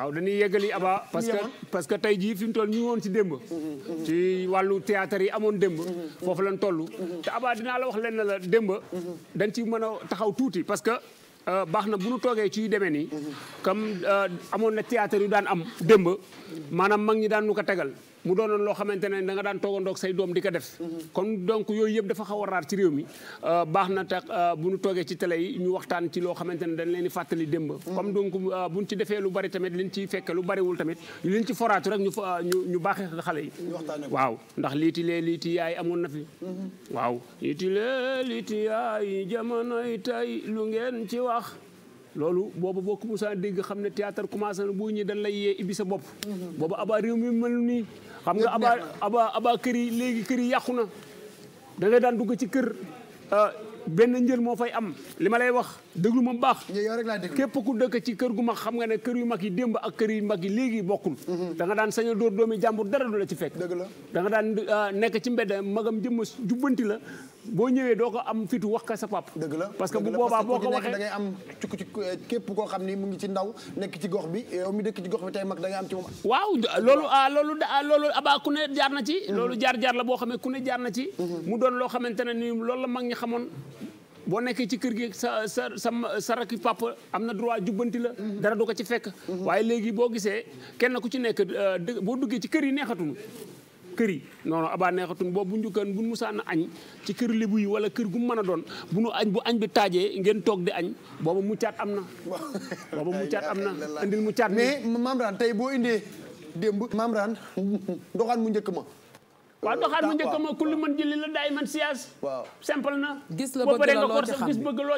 waaw dañuy yeggali Aba parce que parce que tey jii fi mu toll ñu woon si démb ci wàllu théâtre yi amoon démb foofu lañ toll te Aba dinaa la wax leen la démb dañ ci mën a taxaw tuuti parce que euh, baax na bu nu toogee ci demee nii comme euh, amoon na théâtre yu daan am démb maanaam mag ñi daan nu ko tegal mu doonoon loo xamante ne da nga daan toogandoog say doom di ko def. kon donc yooyu yëpp dafa xaw a raar ci réew mi euh, baax na tax euh, bu ñu toogee ci télé yi ñu waxtaan ci loo xamante ni dañ leen di fàttali démb. comme donc euh, bu ñu ci defee lu bari tamit liñ ci fekke lu bariwul tamit liñ ci foraatu rek ñu fa ñu ñu baaxee xale yi. waaw ndax liiti lee liiti yaay amoon na fi. Mm-hmm. waaw liiti lee liiti yaay jamonoy tey lu ngeen ci wax. loolu boobu bokk ko musaa dégg xam ne théâtre commencé na bu ñi dañ lay yee ibbi sa bopp boobu abaa réew mi mel nii xam nga abaa abaa abaa kër yi léegi kër yi yàqu na da daan dugg ci kër euh, benn njël moo fay am li ma lay wax déglu ma baax képp ku dëkk ci kër gu mag xam nga ne kër yu mag yi démb ak kër yu mag yi léegi bokkul mhm. da nga daan sañ a dóor doomi jàmbur dara du la ci fekk da nga daan euh, nekk ci mbedd magam jëmma jubbanti la boo ñëwee doo ko am fitu wax ka sa pap dëgg la parce que bu boobaa boo ko waxee da ngay am ci euh, képp koo xam ni mu ngi ci ndaw nekk ci gox bi yow dëkk ci gox bi tey mag da am ci moom waaw loolu ah, loolu da ah, loolu ne jaar na ci mhm. loolu jaar-jaar boo xam ne ku ne jaar na ci mhm. mu doon loo xamante ne ni loolu la mag ñi xamoon boo nekkee ci kër gi sa sa sa sa rakki papa am na droit jubbanti la mhm. dara du ko ci fekk waaye léegi boo gisee kenn ku ci nekk euh, boo duggee ci kër yi neexatuñu kër yi non non abaa neexatun boobu bu njukkan bu añ ci kër lébu yi wala kër gu mën a doon bu nu añ bu añ bi taajee ngeen toog di añ booba muccaat am na booba muccaat am na indil muccaat mais Mame Rane tey boo indee démb Mame Rane mu njëkk ma waa doxaat mu njëkk ma kullu man jëli la daay man siyaas simple na nga xor loo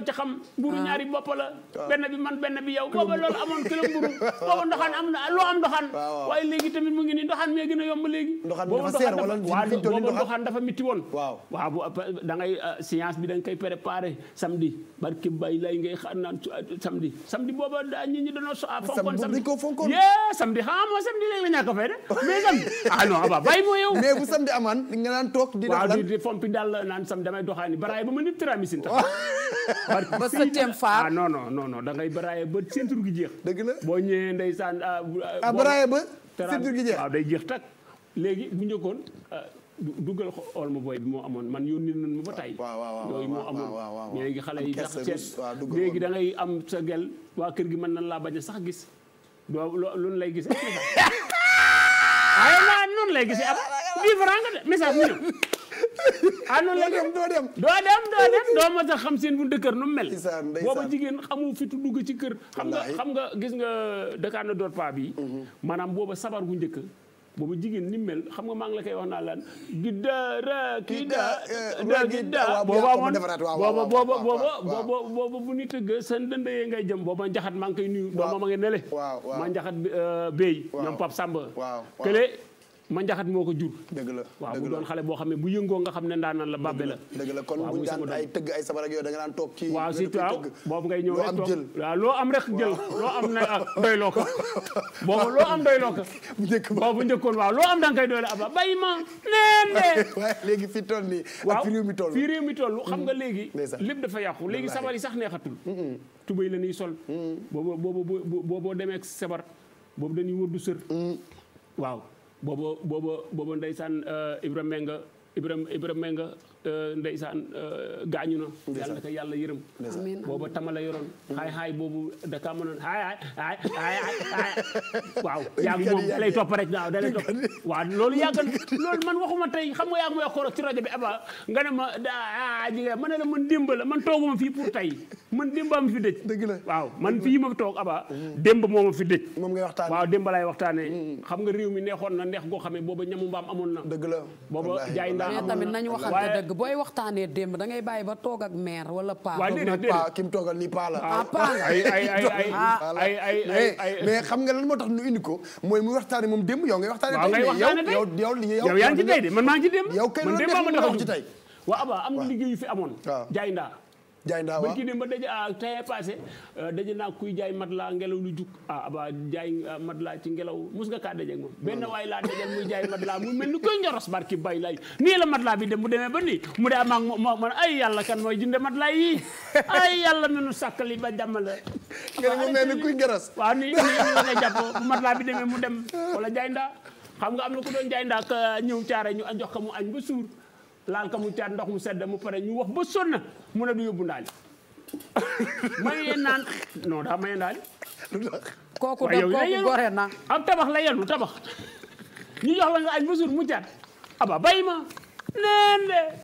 ci xam ah. ah. bi man benn bi yow booba loolu amoon kilo mburu ah. booba ndoxaan am na loo am ndoxaan mu ngi nii ndoxaan mee a yomb léegi booba ndoxaan dafa mitti woon waaw bu da ngay science bi da koy préparé samedi barki bay lay ngay xaar naan samedi samedi booba nit ñi dañoo so fonkoon samedi yee samedi xamaa samedi léegi la ñàkk fay de mais samedi ah non ba bàyyi moo yow di amaan li nga daan toog di def lan di fompi dal naan sam damay doxaani baraaye ba ma nit tiramisin tax ba septième fois ah non non baraaye ba ceinture gi jeex dëgg la boo ñëwee ndeysaan ah, ah, ah baraaye ba ceinture gi jeex waaw day jeex tak léegi bu njëkkoon ah, duggal xool ma booy bi moo amoon man yoon nañ ma ba tey yooyu moo amoon léegi xale yi sax ceeb léegi dangay ngay am sa gel waa kër gi mën nañ laa bañ sax gis doo loolu lay gis ay naa noonu lay gis dix francs nga de message mu ñëw. ah noonu la dem doo dem doo ma sax xam seen bu dëkkër nu mu mel. booba jigéen xamu fitu dugg ci kër. xam nga xam nga gis nga Dakar ne dort pas bi mm-hmm. maanaam booba sabar gu njëkk. boobu jigéen ni mel xam nga maa ngi la koy wax naa lan giddaara kidda da gidda eh, booba moon booba booba booba booba booba bu nit tëgg seen dëndayee ngay jëm booba njaxat maa ngi koy nuyu dooma ma ngi nele ma njaxat eh, béy ñoom Pape Samba kële ma njaxat moo ko jur. dëgg la waaw mu doon xale boo xam ne bu yëngoo nga xam ne ndaanaan la bàbbe la. dëgg la kon bu ñu daan ay ay sabar ak yooyu da nga daan toog ci. waaw surtout waaw boobu ngay ñëw waaw loo am rek jël loo am na ak doyloo ko boobu loo am doyloo ko. bu njëkk ba boobu njëkkoon waaw loo am da nga koy doyle aba bay ma neen waaye léegi fii toll nii ak fii réew mi toll. fii réew mi toll xam nga mm-hmm. léegi. lépp dafa yàqu léegi sabar yi sax neexatul. tubéy la ñuy sol. boobu boobu boo boo demee sabar boobu dañuy wër du sër waaw booba booba booba ndeysaan euh, Ibrahima nga Ibrahima Ibrahima may nga euh, ndeysaan euh, gaañu na. yàlla na ko yàlla yërëm. booba tama la yoroon. xaay mm. xaay boobu da kaa mënoon xaay xaay xaay xaay waaw yaa da lay loolu yàgg loolu man waxuma tey xam nga yaa ngi may ci rajo bi aba nga ne ma ah ji ma ne la man man tooguma fii pour tey man démb am fi dëj. dëgg la waaw man fii ma toog aba mm. démb moo moom ngay waxtaanee waaw démb waxtaanee. Mm. xam nga réew mi neexoon neex goo xam ne booba ñamu mbaam amoon na. dëgg la booba jaay mais tamit nañu waxante dëgg booy waxtaanee démb da ngay bàyyi ba toog ak maire wala paa. waaw déedéet paa ki mu toogal nii paa la. ah, ah paa ay ay ay ay ah. ay mais xam nga lan moo tax nu indi ko mooy mu waxtaanee moom démb yow ngay waxtaanee. waaw ngay waxtaanee tey yow yow yow yaa ngi ci tey de man maa ngi ci démb. yow kay loolu def ci tey. waaw am na liggéey fi amoon jaay jaay naa waaw ba daje ah tey euh, naa kuy jaay mat laa ngelaw lu jug ah ba jaay ah, mat laa ci ngelaw mus nga kaa daje ak moom. benn waay laa dajal muy jaay mat laa mu mel ni koy njoros barki bay lay la mat laa bi dem mu demee ba nii mu dee amaag moo man ay yàlla kan mooy jënde mat laa yii ay yàlla menu sàkkali ba jàmmale. ngelaw mu kuy njoros. waa nii nii la nga jàpp mat laa bi demee mu dem wala jaay ndaa xam nga am na ku doon jaay ndaa ah, ñëw caare ñu jox ka mu añ ba suur. laal ka muy taat ndox mu sedd mu pare ñu wax ba sonna mu ne du yóbbu ndaali mayu yeen naan non daa maye ndaali kooku de kooku gore na am tabax la yenu tabax ñu jox la nga añ ba mu jaat aba bay ma neen de